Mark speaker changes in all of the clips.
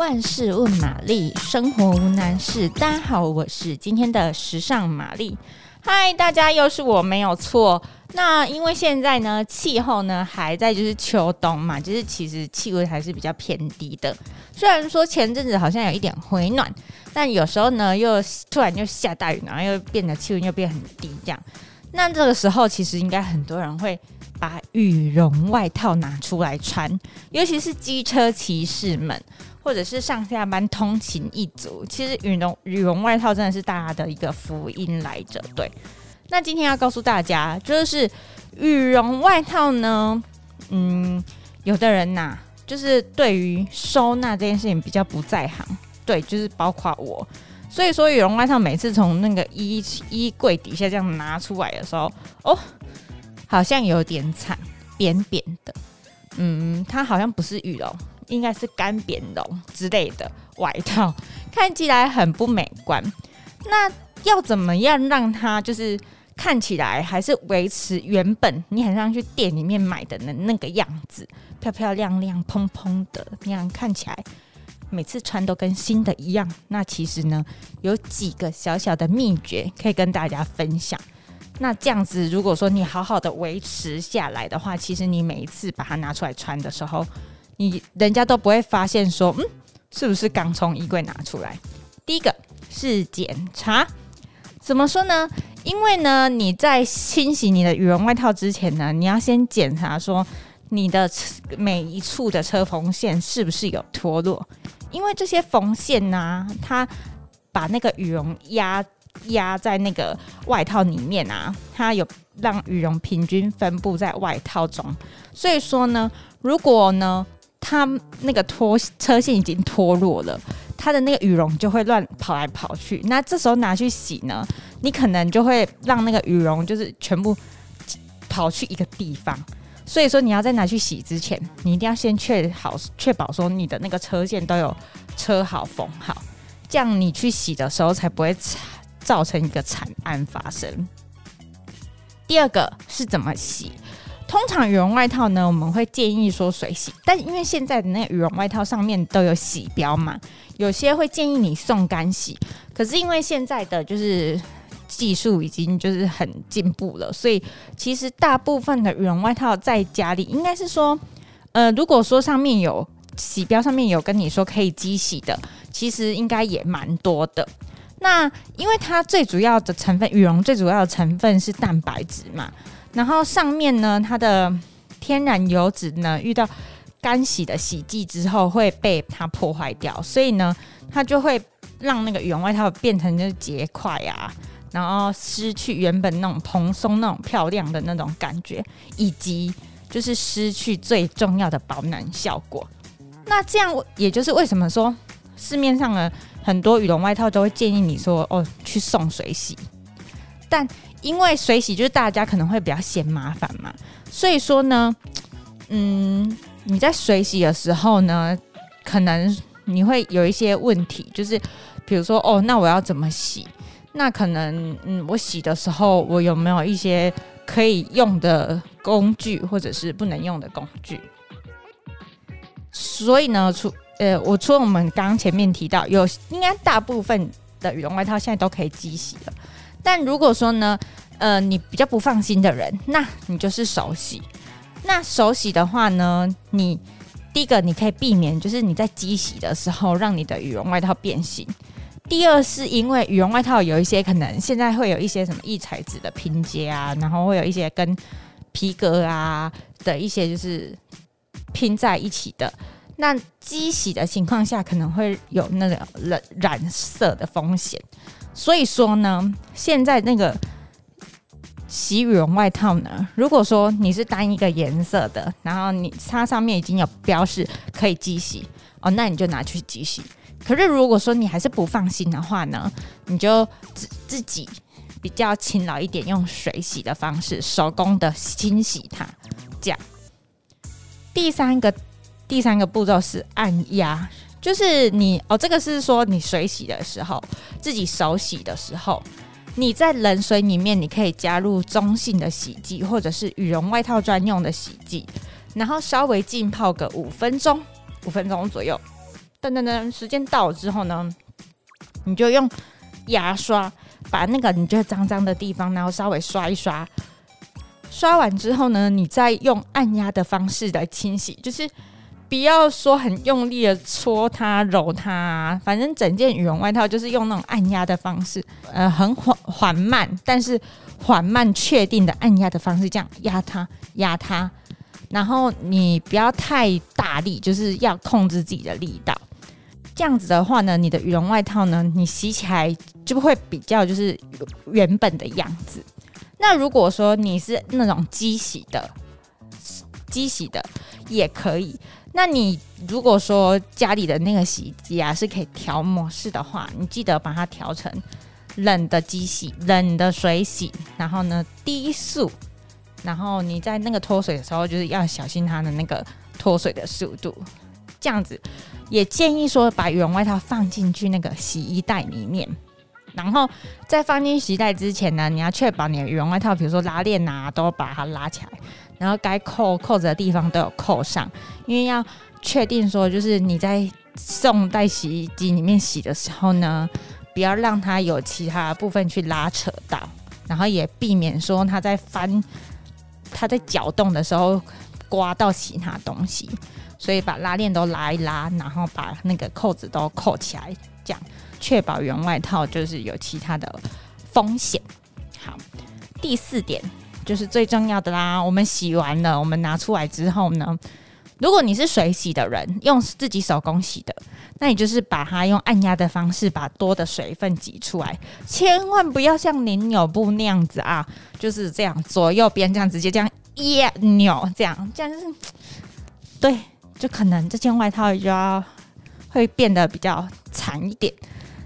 Speaker 1: 萬事問瑪麗，生活無難事。大家好，我是今天的時尚瑪麗。嗨，大家又是我沒有錯。那因為現在呢，氣候呢還在就是秋冬嘛，就是其實氣溫還是比較偏低的。雖然說前陣子好像有一點回暖，但有時候呢又突然又下大雨，然後又變得氣溫又變很低這樣。那這個時候其實應該很多人會把羽絨外套拿出來穿，尤其是機車騎士們。或者是上下班通勤一族，其實羽絨羽絨外套真的是大家的一個福音來着。對，那今天要告訴大家，就是羽絨外套呢，嗯，有的人吶，就是對於收納這件事情比較不在行，對，就是包括我，所以說羽絨外套每次從那個衣衣櫃底下這樣拿出來的時候，哦，好像有點慘，扁扁的，嗯，它好像不是羽絨。應該是乾扁絨之類的外套，看起來很不美觀。那要怎麼樣讓它就是看起來還是維持原本你很想去店裡面買的那那個樣子，漂漂亮亮澎澎、蓬蓬的那樣看起來，每次穿都跟新的一樣。那其實呢，有幾個小小的秘訣可以跟大家分享。那這樣子，如果說你好好的維持下來的話，其實你每一次把它拿出來穿的時候，你人家都不會發現說，嗯，是不是剛從衣櫃拿出來？第一個是檢查，怎麼說呢？因為呢，你在清洗你的羽絨外套之前呢，你要先檢查說你的每一處的車縫線是不是有脫落，因為這些縫線呢，啊，它把那個羽絨壓壓在那個外套裡面啊，它有讓羽絨平均分佈在外套中，所以說呢，如果呢。它那個脫車線已經脫落了，它的那個羽絨就會亂跑來跑去，那這時候拿去洗呢，你可能就會讓那個羽絨就是全部跑去一個地方。所以說你要在拿去洗之前，你一定要先確好確保說你的那個車線都有車好縫好，這樣你去洗的時候才不會造成一個慘案發生。第二個是怎麼洗？通常羽絨外套呢，我們會建議說水洗，但因為現在的那羽絨外套上面都有洗標嘛，有些會建議你送乾洗。可是因為現在的就是技術已經就是很進步了，所以其實大部分的羽絨外套在家裡應該是說，呃，如果說上面有洗標，上面有跟你說可以機洗的，其實應該也蠻多的。那因為它最主要的成分羽絨最主要的成分是蛋白質嘛。然後上面呢，它的天然油脂呢，遇到乾洗的洗劑之後會被它破壞掉，所以呢，它就會讓那個羽絨外套變成就是結塊啊，然後失去原本那種蓬鬆、那種漂亮的那種感覺，以及就是失去最重要的保暖效果。那這樣也就是為什麼說市面上的很多羽絨外套都會建議你說哦，去送水洗。但因為水洗就是大家可能會比較嫌麻煩嘛，所以說呢，嗯，你在水洗的時候呢，可能你會有一些問題，就是比如說哦，那我要怎麼洗？那可能嗯，我洗的時候我有沒有一些可以用的工具或者是不能用的工具？所以呢，除呃，我除了我們剛剛前面提到有，應該大部分的羽絨外套現在都可以機洗了。但如果說呢，呃，你比較不放心的人，那你就是手洗。那手洗的話呢，你第一個你可以避免，就是你在機洗的時候讓你的羽絨外套變形。第二是因為羽絨外套有一些可能現在會有一些什麼異材質的拼接啊，然後會有一些跟皮革啊的一些就是拼在一起的。那機洗的情況下可能會有那個染染色的風險，所以說呢，現在那個洗羽絨外套呢，如果說你是單一個顏色的，然後你它上面已經有標示可以機洗哦，那你就拿去機洗。可是如果說你還是不放心的話呢，你就自自己比較勤勞一點，用水洗的方式手工的清洗它。這樣第三個。第三個步驟是按壓，就是你哦，這個是說你水洗的時候，自己手洗的時候，你在冷水裡面，你可以加入中性的洗劑或者是羽絨外套專用的洗劑，然後稍微浸泡個五分鐘，五分鐘左右。噔噔噔，時間到了之後呢，你就用牙刷把那個你覺得髒髒的地方，然後稍微刷一刷。刷完之後呢，你再用按壓的方式來清洗，就是。不要說很用力的搓它，揉它啊，反正整件羽絨外套就是用那種按壓的方式，呃，很緩緩慢，但是緩慢確定的按壓的方式，這樣壓它、壓它，然後你不要太大力，就是要控制自己的力道。這樣子的話呢，你的羽絨外套呢，你洗起來就會比較就是原本的樣子。那如果說你是那種機洗的，機洗的也可以。那你如果說家裡的那個洗衣機啊是可以調模式的話，你記得把它調成冷的機洗、冷的水洗，然後呢低速，然後你在那個脫水的時候，就是要小心它的那個脫水的速度。這樣子也建議說，把羽絨外套放進去那個洗衣袋裡面。然後在放進洗衣袋之前呢，你要確保你的羽絨外套，比如說拉鏈啊，都把它拉起來，然後該扣扣子的地方都有扣上，因為要確定說，就是你在送在洗衣機裡面洗的時候呢，不要讓它有其他部分去拉扯到，然後也避免說它在翻，它在攪動的時候刮到其他東西，所以把拉鏈都拉一拉，然後把那個扣子都扣起來，這樣。確保原外套就是有其他的風險。好，第四點就是最重要的啦。我們洗完了，我們拿出來之後呢，如果你是水洗的人，用自己手工洗的，那你就是把它用按壓的方式把多的水分擠出來，千萬不要像你扭布那樣子啊，就是這樣左右邊這樣直接這樣一扭、yeah, no,，這樣這樣就是，對，就可能這件外套就要會變得比較長一點。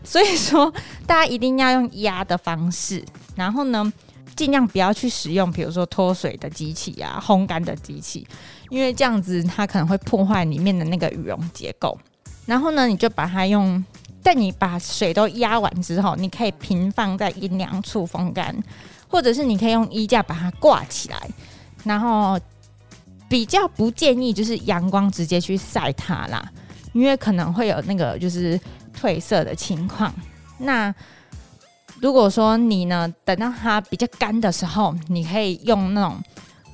Speaker 1: 所以說，大家一定要用壓的方式，然後呢，盡量不要去使用，比如說脫水的機器啊、烘乾的機器，因為這樣子它可能會破壞裡面的那個羽絨結構。然後呢，你就把它用，在你把水都壓完之後，你可以平放在陰涼處風乾，或者是你可以用衣架把它掛起來。然後比較不建議就是陽光直接去曬它啦，因為可能會有那個就是。褪色的情況，那如果說你呢，等到它比較乾的時候，你可以用那種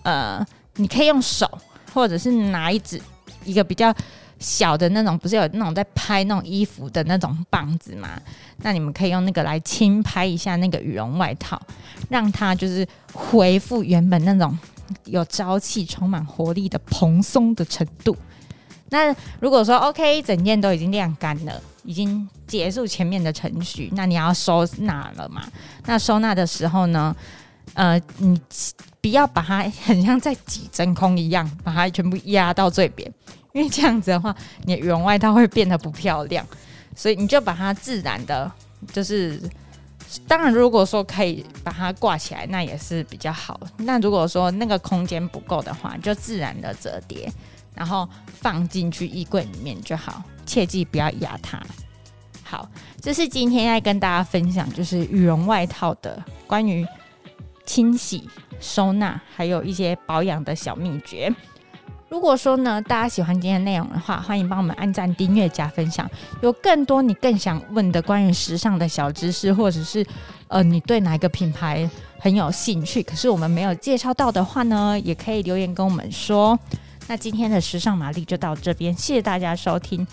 Speaker 1: 呃，你可以用手，或者是拿一只一個比較小的那種，不是有那種在拍那種衣服的那種棒子嗎？那你們可以用那個來輕拍一下那個羽絨外套，讓它就是恢復原本那種有朝氣、充滿活力的蓬鬆的程度。那如果說 OK，整件都已經晾乾了，已經結束前面的程序，那你要收納了嘛。那收納的時候呢，呃，你不要把它很像在擠真空一樣，把它全部壓到最扁，因為這樣子的話，你的羽絨外套會變得不漂亮。所以你就把它自然的，就是當然，如果說可以把它掛起來，那也是比較好。那如果說那個空間不夠的話，就自然的折疊。然後放進去衣櫃裡面就好，切記不要壓它。好，這是今天要跟大家分享，就是羽絨外套的關於清洗、收納，還有一些保養的小秘訣。如果說呢，大家喜歡今天內容的話，歡迎幫我們按讚、訂閱、加分享。有更多你更想問的關於時尚的小知識，或者是呃，你對哪一個品牌很有興趣，可是我們沒有介紹到的話呢，也可以留言跟我們說。那今天的時尚瑪麗就到這邊，謝謝大家收聽，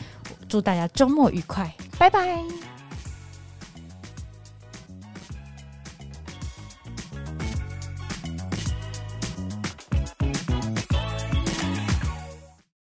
Speaker 1: 祝大家週末愉快，拜拜。